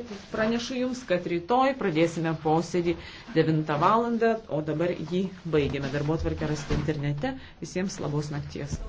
kad pranešu Jums, kad rytoj pradėsime posėdį 9 val. o dabar jį baigiame. Darbo tvarkę rasite internete. Visiems labos nakties.